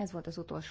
Ez volt az utolsó